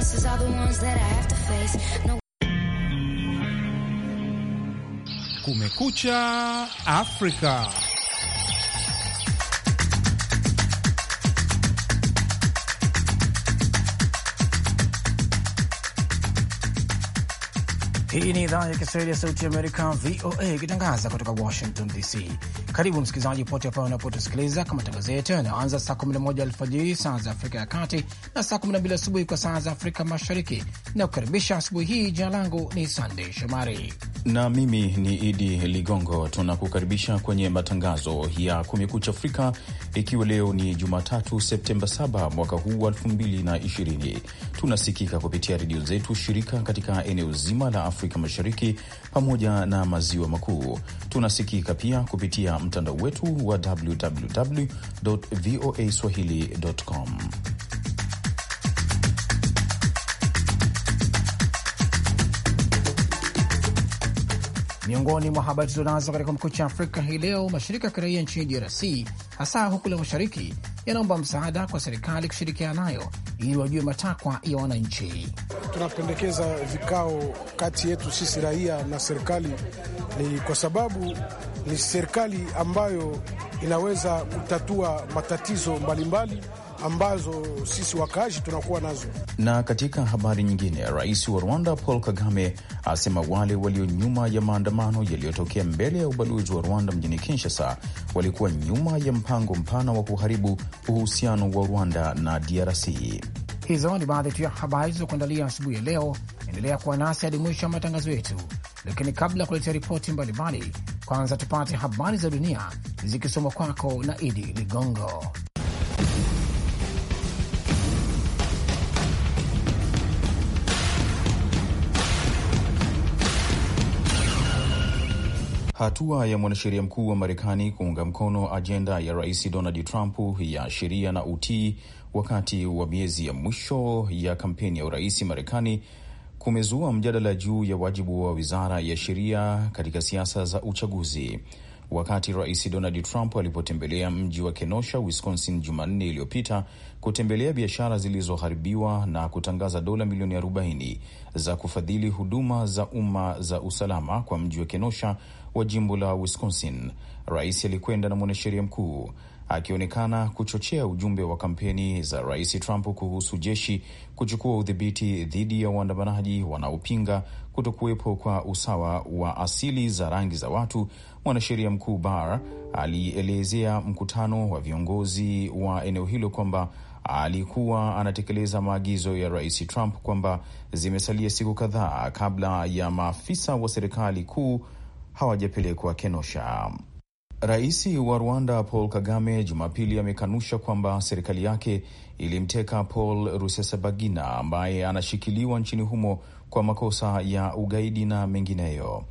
monsters are the ones that I have to face. No... Kumekucha Afrika. Hii ni idhaa ya Kiswahili ya Sauti Amerika, VOA, ikitangaza kutoka Washington DC. Karibu msikilizaji pote pale unapotusikiliza. kwa matangazo yetu yanayoanza saa 11 alfajiri saa za Afrika ya Kati na saa 12 asubuhi kwa saa za Afrika Mashariki. nakukaribisha asubuhi hii. Jina langu ni Sandey Shomari na mimi ni Idi Ligongo. Tunakukaribisha kwenye matangazo ya Kumekucha Afrika, ikiwa leo ni Jumatatu Septemba 7 mwaka huu wa 2020. Tunasikika kupitia redio zetu shirika katika eneo zima la Afrika Afrika Mashariki pamoja na maziwa makuu. Tunasikika pia kupitia mtandao wetu wa voa www.voaswahili.com. Miongoni mwa habari tulizonazo katika cha Afrika hii leo, mashirika ya kiraia nchini DRC hasa huku la mashariki yanaomba msaada kwa serikali kushirikiana nayo ili wajue matakwa ya wananchi. Tunapendekeza vikao kati yetu sisi raia na serikali, ni kwa sababu ni serikali ambayo inaweza kutatua matatizo mbalimbali mbali ambazo sisi wakazi tunakuwa nazo. Na katika habari nyingine, rais wa Rwanda Paul Kagame asema wale walio nyuma ya maandamano yaliyotokea mbele ya ubalozi wa Rwanda mjini Kinshasa walikuwa nyuma ya mpango mpana wa kuharibu uhusiano wa Rwanda na DRC. Hizo ni baadhi tu ya habari zilizokuandalia asubuhi ya leo. Endelea kuwa nasi hadi mwisho wa matangazo yetu, lakini kabla ya kuletea ripoti mbalimbali, kwanza tupate habari za dunia zikisomwa kwako na Idi Ligongo. Hatua ya mwanasheria mkuu wa Marekani kuunga mkono ajenda ya Rais Donald Trump ya sheria na utii wakati wa miezi ya mwisho ya kampeni ya urais Marekani kumezua mjadala juu ya wajibu wa wizara ya sheria katika siasa za uchaguzi. Wakati Rais Donald Trump alipotembelea mji wa Kenosha, Wisconsin, Jumanne iliyopita kutembelea biashara zilizoharibiwa na kutangaza dola milioni 40 za kufadhili huduma za umma za usalama kwa mji wa Kenosha wa jimbo la Wisconsin, rais alikwenda na mwanasheria mkuu akionekana kuchochea ujumbe wa kampeni za rais Trump kuhusu jeshi kuchukua udhibiti dhidi ya waandamanaji wanaopinga kuto kuwepo kwa usawa wa asili za rangi za watu. Mwanasheria mkuu Barr alielezea mkutano wa viongozi wa eneo hilo kwamba alikuwa anatekeleza maagizo ya rais Trump, kwamba zimesalia siku kadhaa kabla ya maafisa wa serikali kuu hawajapelekwa Kenosha. Rais wa Rwanda Paul Kagame Jumapili amekanusha kwamba serikali yake ilimteka Paul Rusesabagina ambaye anashikiliwa nchini humo kwa makosa ya ugaidi na mengineyo.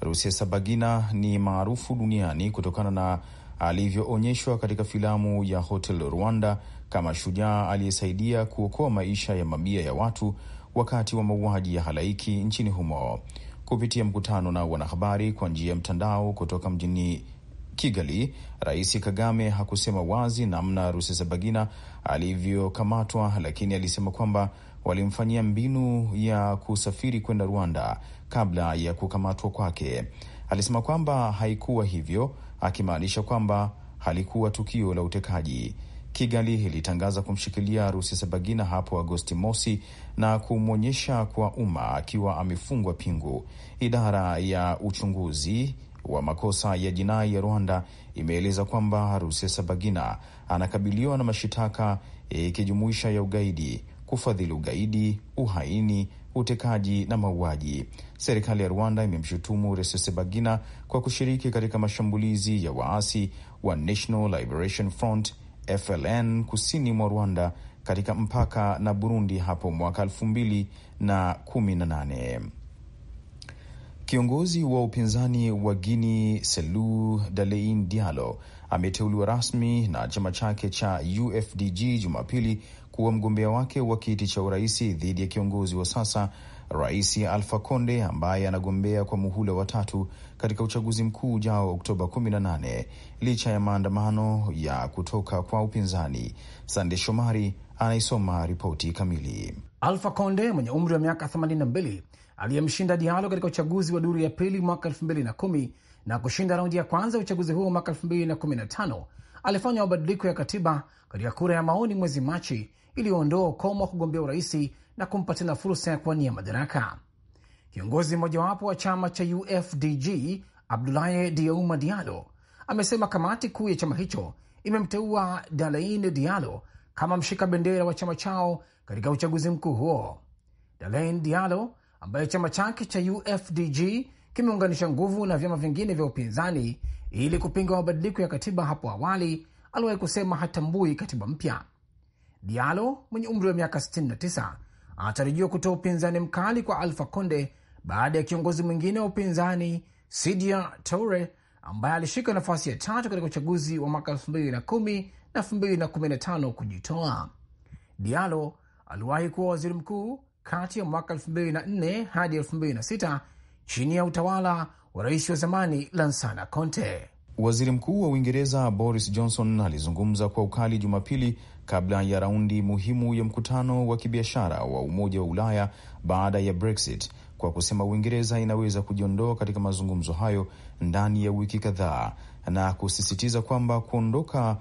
Rusesabagina ni maarufu duniani kutokana na alivyoonyeshwa katika filamu ya Hotel Rwanda kama shujaa aliyesaidia kuokoa maisha ya mamia ya watu wakati wa mauaji ya halaiki nchini humo. Kupitia mkutano na wanahabari kwa njia ya mtandao kutoka mjini Kigali, Rais Kagame hakusema wazi namna Rusesabagina alivyokamatwa, lakini alisema kwamba walimfanyia mbinu ya kusafiri kwenda Rwanda kabla ya kukamatwa kwake. Alisema kwamba haikuwa hivyo, akimaanisha kwamba halikuwa tukio la utekaji. Kigali ilitangaza kumshikilia Rusesabagina hapo Agosti mosi na kumwonyesha kwa umma akiwa amefungwa pingu. Idara ya uchunguzi wa makosa ya jinai ya Rwanda imeeleza kwamba Rusesabagina anakabiliwa na mashitaka e, ikijumuisha e, ya ugaidi, kufadhili ugaidi, uhaini, utekaji na mauaji. Serikali ya Rwanda imemshutumu Rusesabagina kwa kushiriki katika mashambulizi ya waasi wa National Liberation Front FLN kusini mwa Rwanda katika mpaka na Burundi hapo mwaka elfu mbili na kumi na nane. Kiongozi wa upinzani wa Guini Selu Dalein Dialo ameteuliwa rasmi na chama chake cha UFDG Jumapili kuwa mgombea wake wa kiti cha uraisi dhidi ya kiongozi wa sasa Rais Alfa conde ambaye anagombea kwa muhula wa tatu katika uchaguzi mkuu ujao Oktoba 18 licha ya maandamano ya kutoka kwa upinzani. Sande Shomari anaisoma ripoti kamili. Alfa conde mwenye umri wa miaka 82 aliyemshinda Dialo katika uchaguzi wa duru ya pili mwaka 2010 na kushinda raundi ya kwanza ya uchaguzi huo mwaka 2015 alifanya mabadiliko ya katiba katika kura ya maoni mwezi Machi iliyoondoa ukomo wa kugombea uraisi na kumpatia fursa ya kuwania madaraka. Kiongozi mmojawapo wa chama cha UFDG Abdoulaye Diouma Diallo amesema kamati kuu ya chama hicho imemteua Dalain Diallo kama mshika bendera wa chama chao katika uchaguzi mkuu huo. Dalain Diallo ambaye chama chake cha UFDG kimeunganisha nguvu na vyama vingine vya upinzani ili kupinga mabadiliko ya katiba hapo awali, aliwahi kusema hatambui katiba mpya. Diallo mwenye umri wa miaka 69 anatarajiwa kutoa upinzani mkali kwa Alfa Conde baada ya kiongozi mwingine wa upinzani Sidia Toure ambaye alishika nafasi ya tatu katika uchaguzi wa mwaka 2010 na 2015 kujitoa. dialo aliwahi kuwa waziri mkuu kati ya mwaka 2004 hadi 2006 chini ya utawala wa rais wa zamani Lansana Conte. Waziri Mkuu wa Uingereza Boris Johnson alizungumza kwa ukali Jumapili kabla ya raundi muhimu ya mkutano wa kibiashara wa Umoja wa Ulaya baada ya Brexit kwa kusema Uingereza inaweza kujiondoa katika mazungumzo hayo ndani ya wiki kadhaa na kusisitiza kwamba kuondoka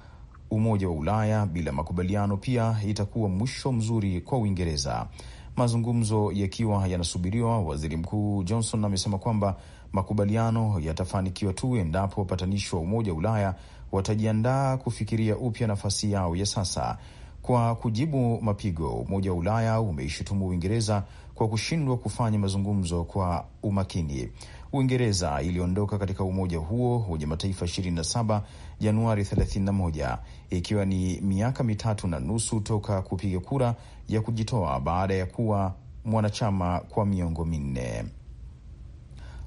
Umoja wa Ulaya bila makubaliano pia itakuwa mwisho mzuri kwa Uingereza mazungumzo yakiwa yanasubiriwa. Waziri Mkuu Johnson amesema kwamba makubaliano yatafanikiwa tu endapo wapatanishi wa Umoja wa Ulaya watajiandaa kufikiria upya nafasi yao ya sasa. Kwa kujibu mapigo, Umoja wa Ulaya umeishutumu Uingereza kwa kushindwa kufanya mazungumzo kwa umakini. Uingereza iliondoka katika umoja huo wenye mataifa 27 Januari 31 ikiwa ni miaka mitatu na nusu toka kupiga kura ya kujitoa baada ya kuwa mwanachama kwa miongo minne.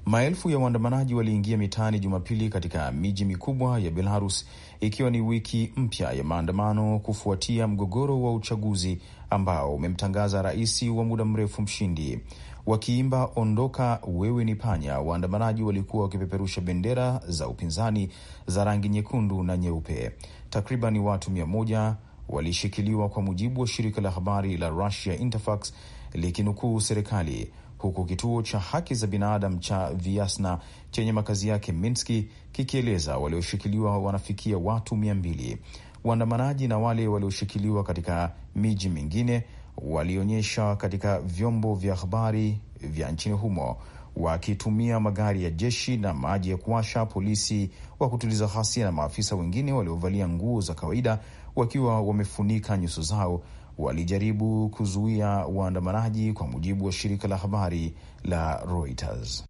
Maelfu ya waandamanaji waliingia mitaani Jumapili katika miji mikubwa ya Belarus ikiwa ni wiki mpya ya maandamano kufuatia mgogoro wa uchaguzi ambao umemtangaza rais wa muda mrefu mshindi wakiimba ondoka wewe ni panya. Waandamanaji walikuwa wakipeperusha bendera za upinzani za rangi nyekundu na nyeupe. Takriban watu mia moja walishikiliwa kwa mujibu wa shirika la habari la Russia Interfax likinukuu serikali, huku kituo cha haki za binadamu cha Viasna chenye makazi yake Minski kikieleza walioshikiliwa wanafikia watu mia mbili. Waandamanaji na wale walioshikiliwa katika miji mingine walionyesha katika vyombo vya habari vya nchini humo wakitumia magari ya jeshi na maji ya kuwasha, polisi wa kutuliza ghasia na maafisa wengine waliovalia nguo za kawaida wakiwa wamefunika nyuso zao walijaribu kuzuia waandamanaji, kwa mujibu wa shirika la habari la Reuters.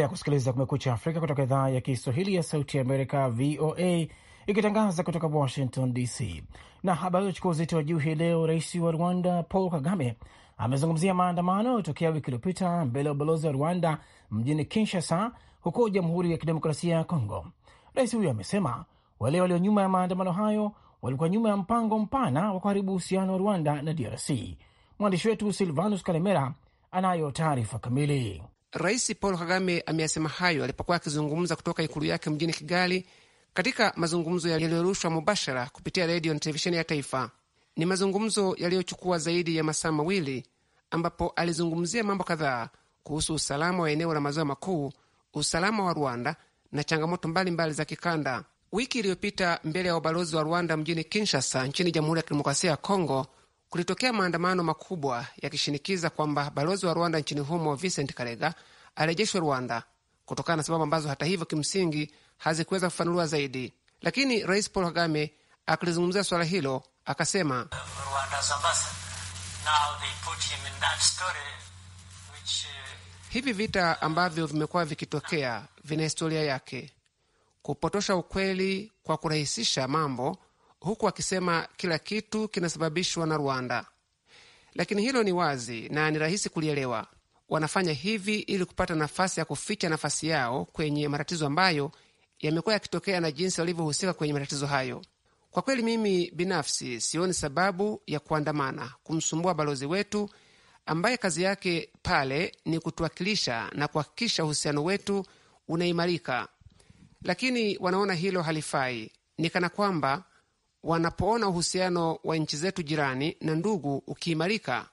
Mnaendelea kusikiliza Kumekucha Afrika kutoka idhaa ya Kiswahili ya Sauti ya Amerika, VOA, ikitangaza kutoka Washington DC. Na habari uchukua uzito wa juu hii leo, rais wa Rwanda Paul Kagame amezungumzia maandamano yaliyotokea wiki iliyopita mbele ya ubalozi wa Rwanda mjini Kinshasa, huko Jamhuri ya Kidemokrasia ya Kongo. Rais huyo amesema wale walio nyuma ya maandamano hayo walikuwa nyuma ya mpango mpana wa kuharibu uhusiano wa Rwanda na DRC. Mwandishi wetu Silvanus Kalemera anayo taarifa kamili. Rais Paul Kagame ameyasema hayo alipokuwa akizungumza kutoka ikulu yake mjini Kigali, katika mazungumzo yaliyorushwa mubashara kupitia redio na televisheni ya taifa. Ni mazungumzo yaliyochukua zaidi ya masaa mawili, ambapo alizungumzia mambo kadhaa kuhusu usalama wa eneo la maziwa makuu, usalama wa Rwanda na changamoto mbalimbali za kikanda. Wiki iliyopita, mbele ya ubalozi wa Rwanda mjini Kinshasa nchini Jamhuri ya Kidemokrasia ya Kongo, kulitokea maandamano makubwa yakishinikiza kwamba balozi wa Rwanda nchini humo Vincent Karega arejeshwe Rwanda kutokana na sababu ambazo hata hivyo kimsingi hazikuweza kufanuliwa zaidi. Lakini Rais Paul Kagame akilizungumzia swala hilo akasema, hivi vita ambavyo vimekuwa vikitokea vina historia yake, kupotosha ukweli kwa kurahisisha mambo huku akisema kila kitu kinasababishwa na Rwanda. Lakini hilo ni wazi na ni rahisi kulielewa. Wanafanya hivi ili kupata nafasi ya kuficha nafasi yao kwenye matatizo ambayo yamekuwa yakitokea na jinsi walivyohusika kwenye matatizo hayo. Kwa kweli, mimi binafsi sioni sababu ya kuandamana kumsumbua balozi wetu ambaye kazi yake pale ni kutuwakilisha na kuhakikisha uhusiano wetu unaimarika, lakini wanaona hilo halifai. Ni kana kwamba wanapoona uhusiano wa nchi zetu jirani na ndugu ukiimarika,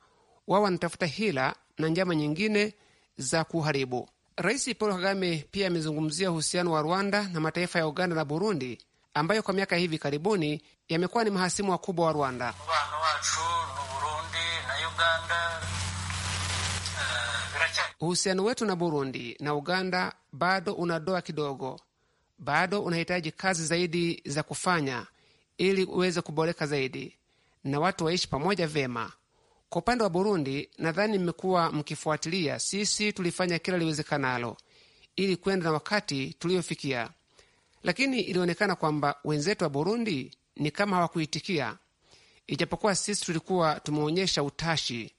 wao wanatafuta hila na njama nyingine za kuharibu. Rais Paul Kagame pia amezungumzia uhusiano wa Rwanda na mataifa ya Uganda na Burundi ambayo kwa miaka hivi karibuni yamekuwa ni mahasimu wakubwa wa Rwanda. Eh, uhusiano wetu na Burundi na Uganda bado una doa kidogo, bado unahitaji kazi zaidi za kufanya ili uweze kuboreka zaidi na watu waishi pamoja vema. Kwa upande wa Burundi, nadhani mmekuwa mkifuatilia, sisi tulifanya kila liwezekanalo ili kwenda na wakati tuliofikia, lakini ilionekana kwamba wenzetu wa Burundi ni kama hawakuitikia. Ijapokuwa sisi tulikuwa tumeonyesha utashi,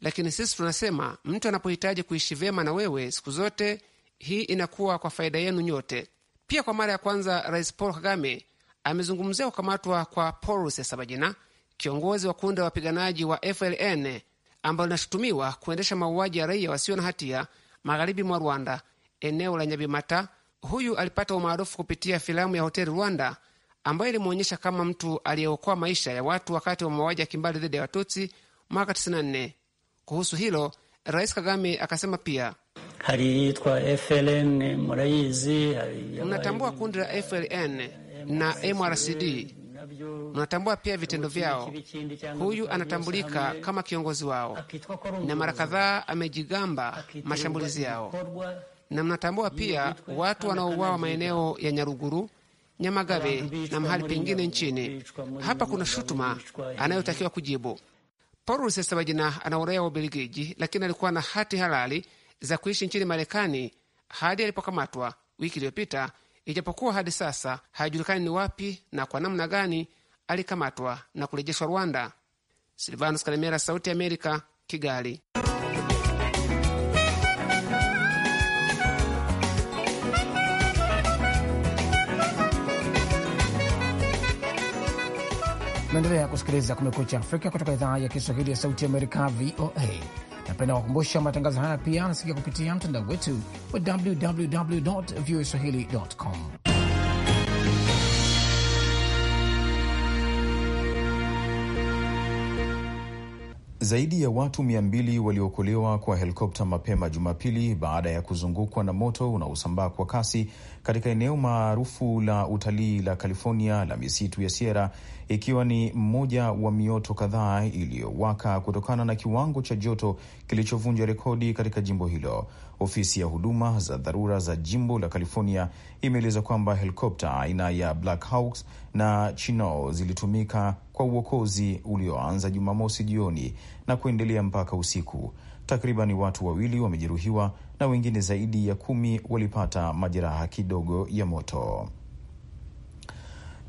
lakini sisi tunasema mtu anapohitaji kuishi vyema na wewe siku zote, hii inakuwa kwa faida yenu nyote. Pia kwa mara ya kwanza Rais Paul Kagame amezungumzia kukamatwa kwa Paul sabajina kiongozi wa kundi la wapiganaji wa FLN ambalo linashutumiwa kuendesha mauaji ya raia wasio na hatia magharibi mwa Rwanda, eneo la Nyabimata. Huyu alipata umaarufu kupitia filamu ya Hoteli Rwanda ambayo ilimwonyesha kama mtu aliyeokoa maisha ya watu wakati wa mauaji ya kimbali dhidi ya Watutsi mwaka 94. Kuhusu hilo, Rais Kagame akasema pia mnatambua kundi la FLN na MRCD. Mnatambua pia vitendo vyao. Huyu anatambulika kama kiongozi wao, na mara kadhaa amejigamba mashambulizi yao, na mnatambua pia watu wanaouawa maeneo ya Nyaruguru, Nyamagabe na mahali pengine nchini. Hapa kuna shutuma anayotakiwa kujibu. Paul Rusesabagina ana uraia wa Ubelgiji, lakini alikuwa na hati halali za kuishi nchini Marekani hadi alipokamatwa wiki iliyopita ijapokuwa hadi sasa hayajulikani ni wapi na kwa namna gani alikamatwa na kurejeshwa Rwanda. Silvanus Kalemera, Sauti ya Amerika, Kigali. Naendelea kusikiliza Kumekucha Afrika kutoka idhaa ya Kiswahili ya Sauti ya Amerika, VOA. Napenda kukumbusha matangazo haya pia anasikia kupitia mtandao wetu wa www voa swahili com. Zaidi ya watu mia mbili waliokolewa kwa helikopta mapema Jumapili baada ya kuzungukwa na moto unaosambaa kwa kasi katika eneo maarufu la utalii la California la misitu ya Sierra, ikiwa ni mmoja wa mioto kadhaa iliyowaka kutokana na kiwango cha joto kilichovunja rekodi katika jimbo hilo. Ofisi ya huduma za dharura za jimbo la California imeeleza kwamba helikopta aina ya Black Hawks na Chinook zilitumika kwa uokozi ulioanza Jumamosi jioni na kuendelea mpaka usiku. Takribani watu wawili wamejeruhiwa na wengine zaidi ya kumi walipata majeraha kidogo ya moto.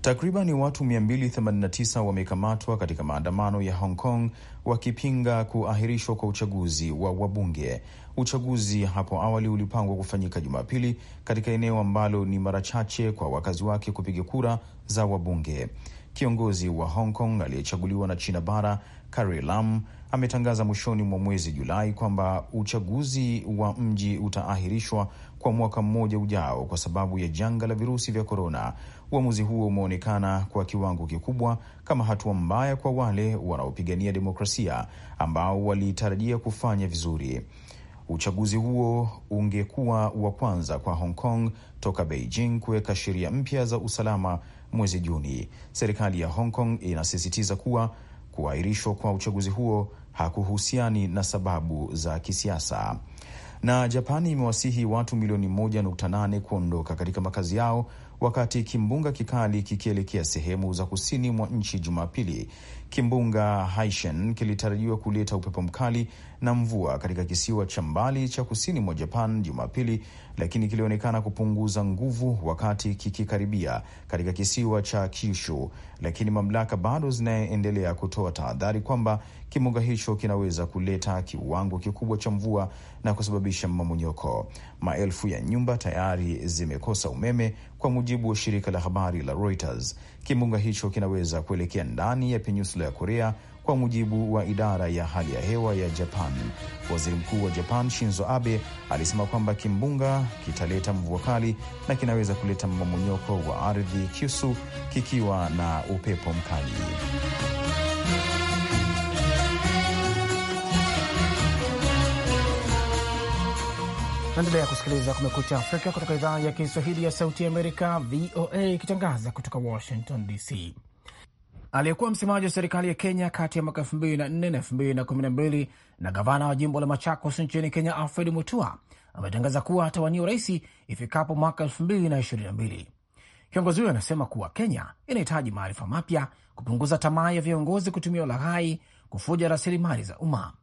Takribani watu 289 wamekamatwa katika maandamano ya Hong Kong wakipinga kuahirishwa kwa uchaguzi wa wabunge. Uchaguzi hapo awali ulipangwa kufanyika Jumapili katika eneo ambalo ni mara chache kwa wakazi wake kupiga kura za wabunge. Kiongozi wa Hong Kong aliyechaguliwa na China bara Carrie Lam ametangaza mwishoni mwa mwezi Julai kwamba uchaguzi wa mji utaahirishwa kwa mwaka mmoja ujao kwa sababu ya janga la virusi vya korona. Uamuzi huo umeonekana kwa kiwango kikubwa kama hatua mbaya kwa wale wanaopigania demokrasia ambao walitarajia kufanya vizuri. Uchaguzi huo ungekuwa wa kwanza kwa Hong Kong toka Beijing kuweka sheria mpya za usalama mwezi Juni. Serikali ya Hong Kong inasisitiza kuwa kuahirishwa kwa uchaguzi huo hakuhusiani na sababu za kisiasa. Na Japani imewasihi watu milioni 1.8 kuondoka katika makazi yao wakati kimbunga kikali kikielekea sehemu za kusini mwa nchi Jumapili Kimbunga Haishen kilitarajiwa kuleta upepo mkali na mvua katika kisiwa cha mbali cha kusini mwa Japan Jumapili, lakini kilionekana kupunguza nguvu wakati kikikaribia katika kisiwa cha Kyushu, lakini mamlaka bado zinaendelea kutoa tahadhari kwamba kimbunga hicho kinaweza kuleta kiwango kikubwa cha mvua na kusababisha mamonyoko Maelfu ya nyumba tayari zimekosa umeme, kwa mujibu wa shirika la habari la Reuters. Kimbunga hicho kinaweza kuelekea ndani ya peninsula ya Korea kwa mujibu wa idara ya hali ya hewa ya Japan. Waziri Mkuu wa Japan Shinzo Abe alisema kwamba kimbunga kitaleta mvua kali na kinaweza kuleta mmomonyoko wa ardhi, kiusu kikiwa na upepo mkali. Naendelea kusikiliza Kumekucha Afrika kutoka idhaa ya Kiswahili ya Sauti Amerika, VOA, ikitangaza kutoka Washington DC. Aliyekuwa msemaji wa serikali ya Kenya kati ya mwaka 2004 na 2012 na gavana wa jimbo la Machakos nchini Kenya, Alfred Mutua, ametangaza kuwa atawania urais ifikapo mwaka 2022. Kiongozi huyo anasema kuwa Kenya inahitaji maarifa mapya, kupunguza tamaa ya viongozi kutumia ulaghai, kufuja rasilimali za umma.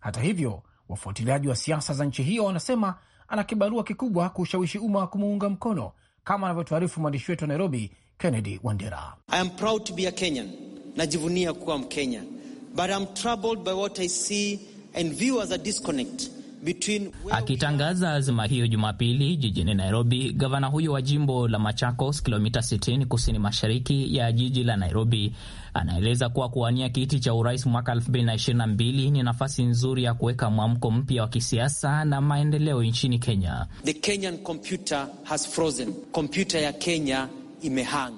Hata hivyo, wafuatiliaji wa siasa za nchi hiyo wanasema ana kibarua kikubwa kushawishi umma kumuunga mkono, kama anavyotuarifu mwandishi wetu wa Nairobi, Kennedy Wandera. I am proud to be a Kenyan, najivunia kuwa Mkenya, but I'm troubled by what I see and view as a disconnect Akitangaza azima hiyo Jumapili jijini Nairobi, gavana huyo wa jimbo la Machakos, kilomita 60 kusini mashariki ya jiji la Nairobi, anaeleza kuwa kuwania kiti cha urais mwaka 2022 ni nafasi nzuri ya kuweka mwamko mpya wa kisiasa na maendeleo nchini Kenya. The Kenyan computer has frozen. Computer ya Kenya imehang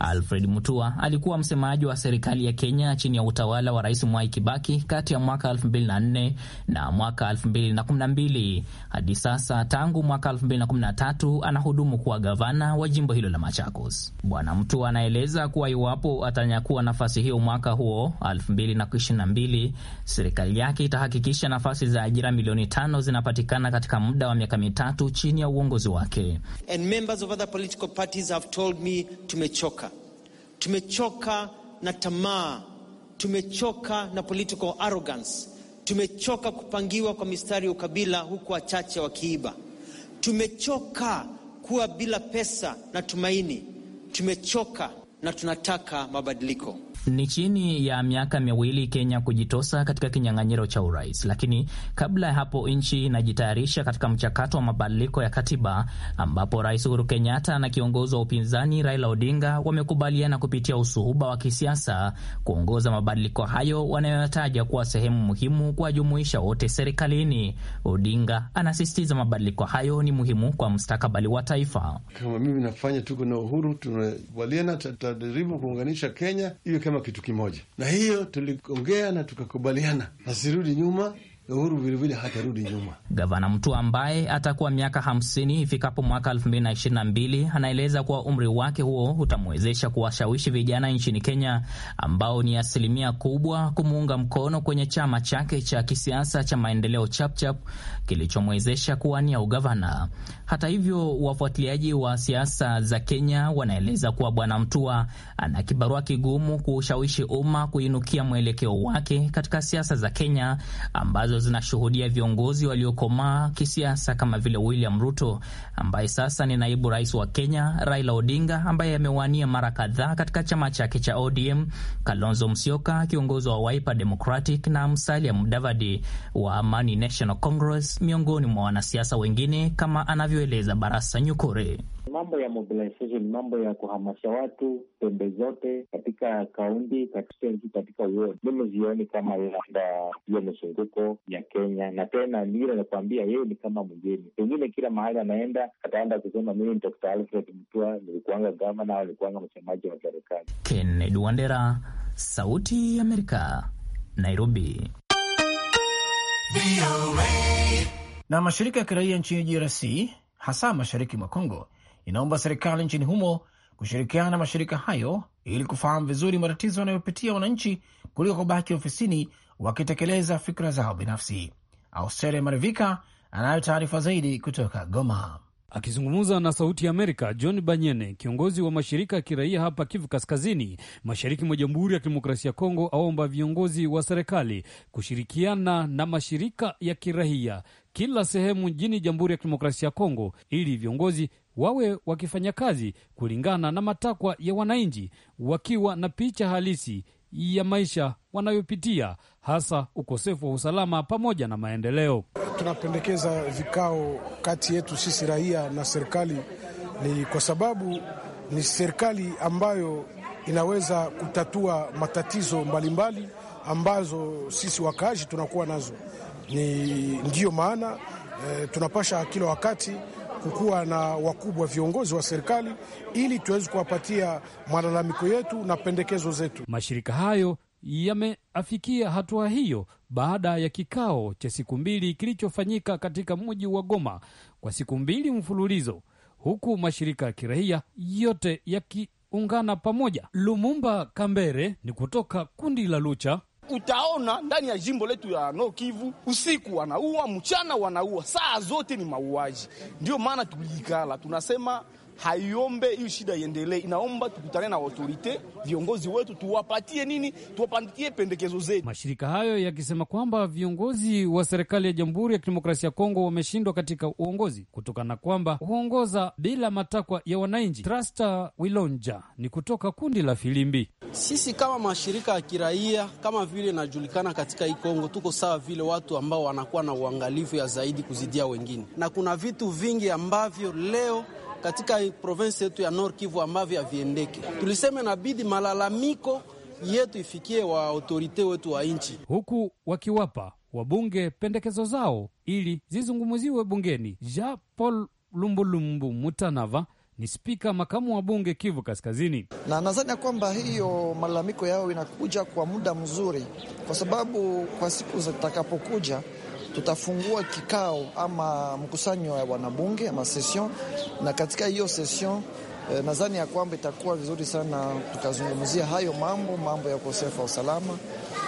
Alfred Mutua alikuwa msemaji wa serikali ya Kenya chini ya utawala wa Rais Mwai Kibaki kati ya mwaka 2004 na mwaka 2012. Hadi sasa tangu mwaka 2013 anahudumu kuwa gavana wa jimbo hilo la Machakos. Bwana Mutua anaeleza kuwa iwapo atanyakua nafasi hiyo mwaka huo 2022, serikali yake itahakikisha nafasi za ajira milioni tano zinapatikana katika muda wa miaka mitatu chini ya uongozi wake. And tumechoka. Tumechoka na tamaa, tumechoka na political arrogance, tumechoka kupangiwa kwa mistari ya ukabila huku wachache wakiiba, tumechoka kuwa bila pesa na tumaini, tumechoka na tunataka mabadiliko. Ni chini ya miaka miwili Kenya kujitosa katika kinyang'anyiro cha urais, lakini kabla ya hapo nchi inajitayarisha katika mchakato wa mabadiliko ya katiba ambapo Rais Uhuru Kenyatta na kiongozi wa upinzani Raila Odinga wamekubaliana kupitia usuhuba wa kisiasa kuongoza mabadiliko hayo wanayoyataja kuwa sehemu muhimu kuwajumuisha wote serikalini. Odinga anasisitiza mabadiliko hayo ni muhimu kwa mstakabali wa taifa. Kama mimi nafanya, tuko na uhuru, tunakubaliana tutajaribu kuunganisha Kenya iwe kama kitu kimoja, na hiyo tuliongea na tukakubaliana, nasirudi nyuma Uhuru vilevile hatarudi nyuma. Gavana mtu ambaye atakuwa miaka 50 ifikapo mwaka 2022 anaeleza kuwa umri wake huo utamwezesha kuwashawishi vijana nchini Kenya ambao ni asilimia kubwa kumuunga mkono kwenye chama chake cha kisiasa cha maendeleo Chapchap kilichomwezesha kuwania ugavana. Hata hivyo, wafuatiliaji wa siasa za Kenya wanaeleza kuwa Bwana Mtua ana kibarua kigumu kuushawishi umma kuinukia mwelekeo wake katika siasa za Kenya ambazo ambazo zinashuhudia viongozi waliokomaa kisiasa kama vile William Ruto ambaye sasa ni naibu rais wa Kenya, Raila Odinga ambaye amewania mara kadhaa katika chama chake cha ODM, Kalonzo Musyoka kiongozi wa Wiper Democratic na Musalia Mudavadi wa Amani National Congress, miongoni mwa wanasiasa wengine, kama anavyoeleza Barasa Nyukuri. Mambo ya mobilization, mambo ya kuhamasha watu pembe zote katika kaunti, constituency, katika ward, mimi zioni kama labda hiyo mizunguko ya Kenya. Na tena ndio nakuambia, yeye ni kama mgeni, pengine kila mahali anaenda ataenda kusema mimi ni Dr. Alfred Mutua, nilikuanga gavana au nilikuanga msemaji wa serikali. Kennedy Wandera, Sauti ya Amerika, Nairobi. Na mashirika ya kiraia nchini DRC hasa mashariki mwa Kongo inaomba serikali nchini humo kushirikiana na mashirika hayo ili kufahamu vizuri matatizo wanayopitia wananchi kuliko kubaki ofisini wakitekeleza fikra zao binafsi. Austere Marivika anayo taarifa zaidi kutoka Goma. Akizungumza na Sauti ya Amerika, John Banyene, kiongozi wa mashirika ya kiraia hapa Kivu Kaskazini, mashariki mwa Jamhuri ya Kidemokrasia ya Kongo, aomba viongozi wa serikali kushirikiana na mashirika ya kiraia kila sehemu nchini Jamhuri ya Kidemokrasia ya Kongo ili viongozi wawe wakifanya kazi kulingana na matakwa ya wananchi, wakiwa na picha halisi ya maisha wanayopitia, hasa ukosefu wa usalama pamoja na maendeleo. Tunapendekeza vikao kati yetu sisi raia na serikali, ni kwa sababu ni serikali ambayo inaweza kutatua matatizo mbalimbali mbali ambazo sisi wakaaji tunakuwa nazo. Ni ndiyo maana e, tunapasha kila wakati kukuwa na wakubwa viongozi wa serikali ili tuweze kuwapatia malalamiko yetu na pendekezo zetu. Mashirika hayo yameafikia hatua hiyo baada ya kikao cha siku mbili kilichofanyika katika mji wa Goma kwa siku mbili mfululizo, huku mashirika ya kiraia yote yakiungana pamoja. Lumumba Kambere ni kutoka kundi la Lucha Utaona ndani ya jimbo letu ya no Kivu, usiku wanaua, mchana wanaua, saa zote ni mauaji. Ndio maana tuliikala tunasema haiombe hiyo shida iendelee, inaomba tukutane na autorite viongozi wetu tuwapatie nini, tuwapatie pendekezo zetu. Mashirika hayo yakisema kwamba viongozi wa serikali ya Jamhuri ya Kidemokrasia ya Kongo wameshindwa katika uongozi kutokana kwamba huongoza bila matakwa ya wananchi. Trasta Wilonja ni kutoka kundi la Filimbi. Sisi kama mashirika ya kiraia kama vile inajulikana katika hii Kongo, tuko sawa vile watu ambao wanakuwa na uangalifu ya zaidi kuzidia wengine, na kuna vitu vingi ambavyo leo katika provinsi yetu ya Nord Kivu ambavyo haviendeki. Tulisema inabidi malalamiko yetu ifikie wa autorite wetu wa nchi, huku wakiwapa wabunge pendekezo zao ili zizungumziwe bungeni. Jean Paul Lumbulumbu Mutanava ni spika makamu wa bunge Kivu Kaskazini, na nadhani ya kwamba hiyo malalamiko yao inakuja kwa muda mzuri, kwa sababu kwa siku zitakapokuja tutafungua kikao ama mkusanyo ya wanabunge ama session, na katika hiyo session eh, nadhani ya kwamba itakuwa vizuri sana tukazungumzia hayo mambo, mambo ya ukosefu wa usalama,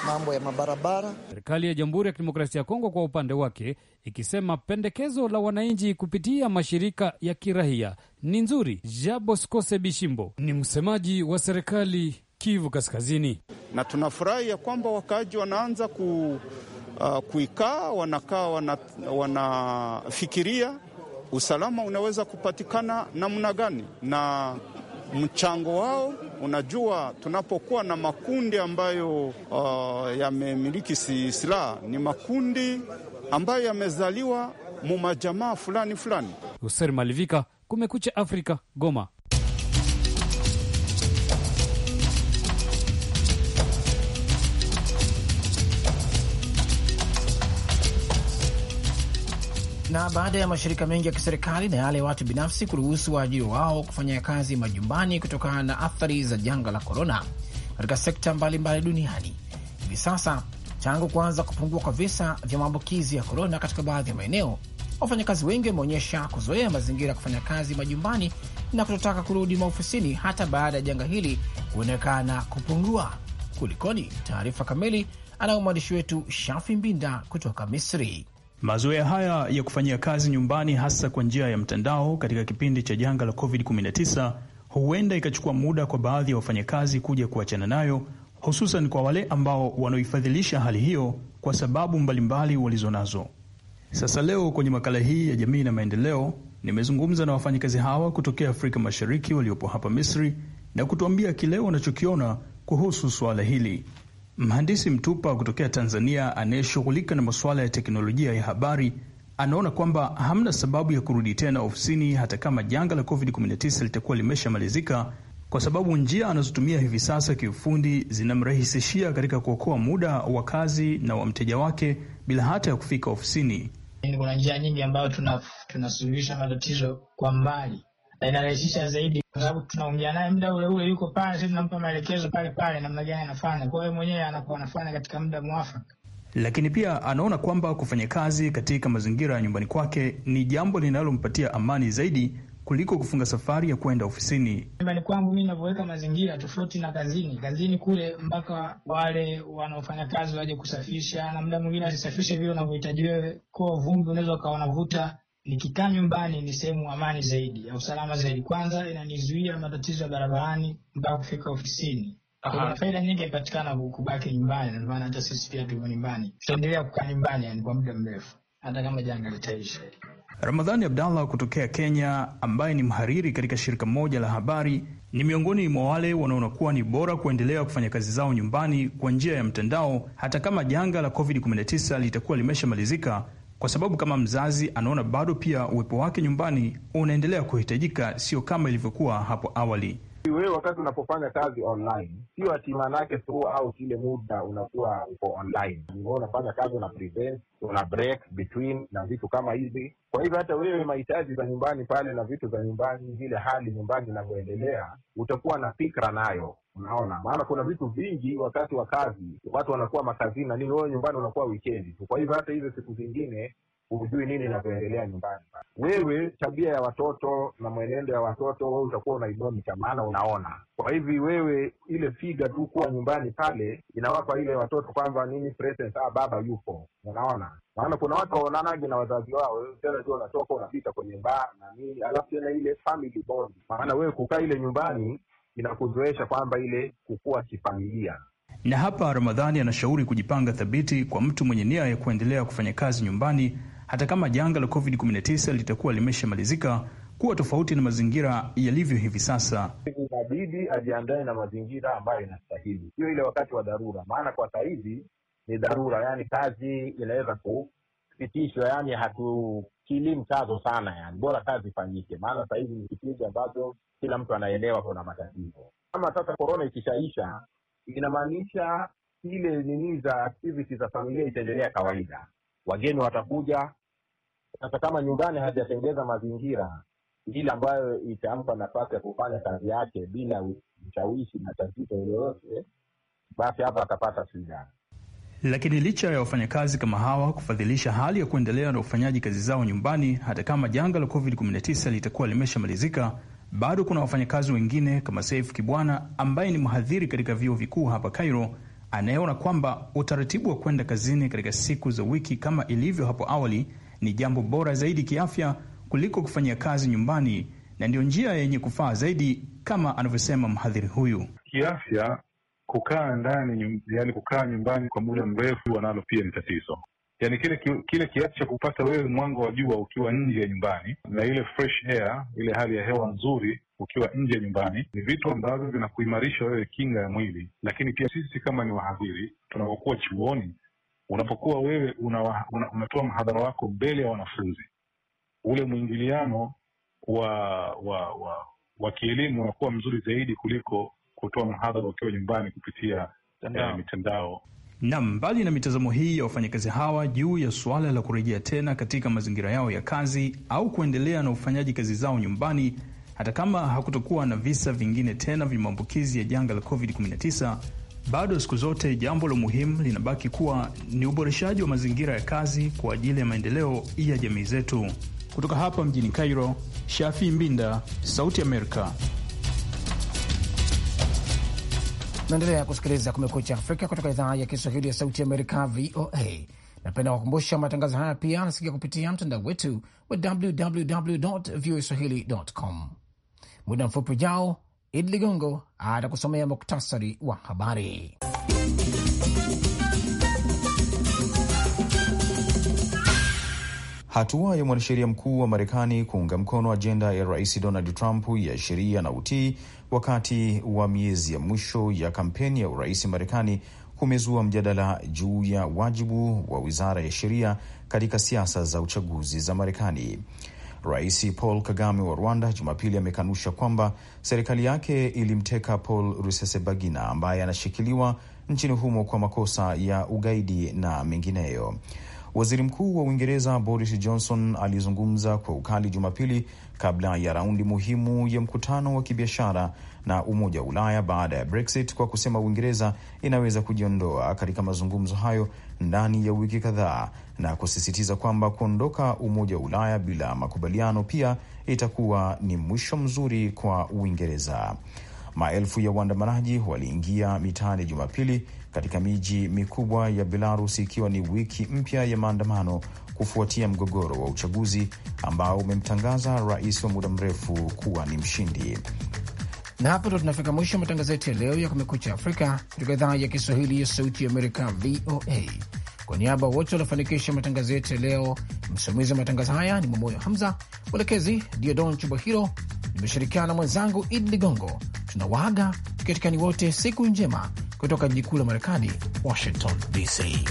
mambo ya mabarabara. Serikali ya Jamhuri ya Kidemokrasia ya Kongo kwa upande wake ikisema pendekezo la wananchi kupitia mashirika ya kirahia ni nzuri. Jaboskose Bishimbo ni msemaji wa serikali Kivu Kaskazini. Na tunafurahi ya kwamba wakaaji wanaanza ku uh, kuikaa wanakaa wanafikiria wana usalama unaweza kupatikana namna gani na mchango wao. Unajua, tunapokuwa na makundi ambayo uh, yamemiliki silaha ni makundi ambayo yamezaliwa mu majamaa fulani fulani. Hoser Malivika, Kumekucha Afrika, Goma. na baada ya mashirika mengi ya kiserikali na yale watu binafsi kuruhusu waajiri wao kufanya kazi majumbani kutokana na athari za janga la korona katika sekta mbalimbali duniani, hivi sasa tangu kuanza kupungua kwa visa vya maambukizi ya korona katika baadhi ya maeneo, wafanyakazi wengi wameonyesha kuzoea mazingira ya kufanya kazi majumbani na kutotaka kurudi maofisini hata baada ya janga hili kuonekana kupungua. Kulikoni? Taarifa kamili anayo mwandishi wetu Shafi Mbinda kutoka Misri. Mazoea haya ya kufanyia kazi nyumbani hasa kwa njia ya mtandao katika kipindi cha janga la COVID-19 huenda ikachukua muda kwa baadhi ya wafanyakazi kuja kuachana nayo, hususan kwa wale ambao wanaoifadhilisha hali hiyo kwa sababu mbalimbali walizonazo. Sasa leo kwenye makala hii ya jamii na maendeleo, nimezungumza na wafanyakazi hawa kutokea Afrika Mashariki waliopo hapa Misri na kutuambia kile wanachokiona kuhusu suala hili. Mhandisi Mtupa kutokea Tanzania anayeshughulika na masuala ya teknolojia ya habari anaona kwamba hamna sababu ya kurudi tena ofisini hata kama janga la COVID-19 litakuwa limeshamalizika kwa sababu njia anazotumia hivi sasa kiufundi zinamrahisishia katika kuokoa muda wa kazi na wa mteja wake bila hata ya kufika ofisini. Kuna njia nyingi ambayo tunasuluhisha matatizo kwa mbali na inarahisisha zaidi, kwa sababu tunaongea naye muda ule ule, yuko pale, sisi tunampa maelekezo pale pale namna gani anafanya, kwa hiyo mwenyewe anakuwa anafanya katika muda mwafaka. Lakini pia anaona kwamba kufanya kazi katika mazingira ya nyumbani kwake ni jambo linalompatia amani zaidi kuliko kufunga safari ya kwenda ofisini. Nyumbani kwangu mi navyoweka mazingira tofauti na kazini. Kazini kule mpaka wale wanaofanya kazi waje kusafisha, na muda mwingine wasisafishe vile unavyohitaji wewe, kwa vumbi unaweza ukawa unavuta nikikaa nyumbani ni sehemu amani zaidi ya usalama zaidi. Kwanza inanizuia matatizo ya barabarani mpaka kufika ofisini. Kuna faida nyingi inapatikana kubaki nyumbani, na maana hata sisi pia tuko nyumbani, tutaendelea kukaa nyumbani yani kwa muda mrefu, hata kama janga litaisha. Ramadhani Abdallah kutokea Kenya, ambaye ni mhariri katika shirika moja la habari, ni miongoni mwa wale wanaona kuwa ni bora kuendelea kufanya kazi zao nyumbani kwa njia ya mtandao, hata kama janga la COVID-19 litakuwa limeshamalizika kwa sababu kama mzazi anaona bado pia uwepo wake nyumbani unaendelea kuhitajika, sio kama ilivyokuwa hapo awali wewe wakati unapofanya kazi online, sio ati maanake throughout ile muda unakuwa uko online, wewe unafanya kazi una present, una break between na vitu kama hivi. Kwa hivyo hata wewe mahitaji za nyumbani pale na vitu za nyumbani, vile hali nyumbani inavyoendelea, utakuwa na fikra nayo Unaona, maana kuna vitu vingi wakati wa kazi, watu wanakuwa makazini na nini, wewe nyumbani unakuwa wikendi tu. Kwa hivyo hata hizo siku zingine hujui nini inavyoendelea nyumbani. Wewe tabia ya watoto na mwenendo ya watoto wewe utakuwa unaidhomita, maana unaona. Kwa hivi wewe ile figa tu kuwa nyumbani pale inawapa ile watoto kwamba nini presence, ah, baba yupo, unaona. Maana kuna watu waonanage na wazazi wao, tena tu unatoka unapita kwenye baa na nini, alafu tena ile family bond, maana wewe kukaa ile nyumbani inakuzoesha kwamba ile kukua kifamilia na hapa Ramadhani anashauri kujipanga thabiti kwa mtu mwenye nia ya kuendelea kufanya kazi nyumbani hata kama janga la COVID-19 litakuwa limeshamalizika kuwa tofauti na mazingira yalivyo hivi sasa. Inabidi ajiandae na mazingira ambayo inastahili, sio ile wakati wa dharura, maana kwa sahizi ni dharura, yani kazi inaweza kupitishwa, yaani hatukilii mkazo sana, yani bora kazi ifanyike, maana sahizi ni kipindi ambacho kila mtu anaelewa kuna matatizo. Kama sasa korona ikishaisha, inamaanisha ile nini za activity za familia itaendelea kawaida, wageni watakuja sasa kama nyumbani hajatengeza mazingira ile ambayo itampa nafasi ya kufanya kazi yake bila ushawishi na tatizo yoyote, basi hapa atapata shida. Lakini licha ya wafanyakazi kama hawa kufadhilisha hali ya kuendelea na ufanyaji kazi zao nyumbani, hata kama janga la COVID-19 litakuwa limeshamalizika, bado kuna wafanyakazi wengine kama Saif Kibwana ambaye ni mhadhiri katika vyuo vikuu hapa Cairo, anayeona kwamba utaratibu wa kwenda kazini katika siku za wiki kama ilivyo hapo awali ni jambo bora zaidi kiafya kuliko kufanyia kazi nyumbani na ndiyo njia yenye kufaa zaidi, kama anavyosema mhadhiri huyu. Kiafya, kukaa ndani, yani kukaa nyumbani kwa muda mrefu, wanalo pia ni tatizo Yani kile kile kiasi cha kupata wewe mwanga wa jua ukiwa nje ya nyumbani na ile fresh air, ile hali ya hewa nzuri ukiwa nje ya nyumbani, ni vitu ambavyo vinakuimarisha wewe kinga ya mwili. Lakini pia sisi kama ni wahadhiri tunapokuwa chuoni, unapokuwa wewe una, una, unatoa mhadhara wako mbele ya wanafunzi, ule mwingiliano wa wa, wa, wa kielimu unakuwa mzuri zaidi kuliko kutoa mhadhara ukiwa nyumbani kupitia eh, mitandao. Nam, mbali na mitazamo hii ya wafanyakazi hawa juu ya suala la kurejea tena katika mazingira yao ya kazi au kuendelea na ufanyaji kazi zao nyumbani, hata kama hakutokuwa na visa vingine tena vya maambukizi ya janga la COVID-19, bado siku zote jambo la muhimu linabaki kuwa ni uboreshaji wa mazingira ya kazi kwa ajili ya maendeleo ya jamii zetu. Kutoka hapa mjini Cairo, Shafi Mbinda, Sauti Amerika. Naendelea kusikiliza Kumekucha Afrika kutoka idhaa ya Kiswahili ya Sauti Amerika, VOA. Napenda kukumbusha matangazo haya pia anasikia kupitia mtandao wetu wa www voa swahili com. Muda mfupi ujao Idi Ligongo atakusomea muktasari wa habari. Hatua ya mwanasheria mkuu wa Marekani kuunga mkono ajenda ya Rais Donald Trump ya sheria na utii wakati wa miezi ya mwisho ya kampeni ya urais Marekani kumezua mjadala juu ya wajibu wa wizara ya sheria katika siasa za uchaguzi za Marekani. Rais Paul Kagame wa Rwanda Jumapili amekanusha kwamba serikali yake ilimteka Paul rusesebagina ambaye anashikiliwa nchini humo kwa makosa ya ugaidi na mengineyo. Waziri Mkuu wa Uingereza Boris Johnson alizungumza kwa ukali Jumapili kabla ya raundi muhimu ya mkutano wa kibiashara na Umoja wa Ulaya baada ya Brexit kwa kusema Uingereza inaweza kujiondoa katika mazungumzo hayo ndani ya wiki kadhaa na kusisitiza kwamba kuondoka Umoja wa Ulaya bila makubaliano pia itakuwa ni mwisho mzuri kwa Uingereza. Maelfu ya waandamanaji waliingia mitaani Jumapili katika miji mikubwa ya Belarus ikiwa ni wiki mpya ya maandamano kufuatia mgogoro wa uchaguzi ambao umemtangaza rais wa muda mrefu kuwa ni mshindi. Na hapo ndo tunafika mwisho wa matangazo yetu ya leo ya Kumekucha Afrika kutoka idhaa ya Kiswahili ya Sauti ya Amerika, VOA. Kwa niaba wote waliofanikisha matangazo yetu ya leo, msimamizi wa matangazo haya ni Mwamoyo Hamza, mwelekezi Diodon hiro Nimeshirikiana na mwenzangu Idi Ligongo. Tunawaaga tukiatikani wote, siku njema kutoka jiji kuu la Marekani, Washington DC.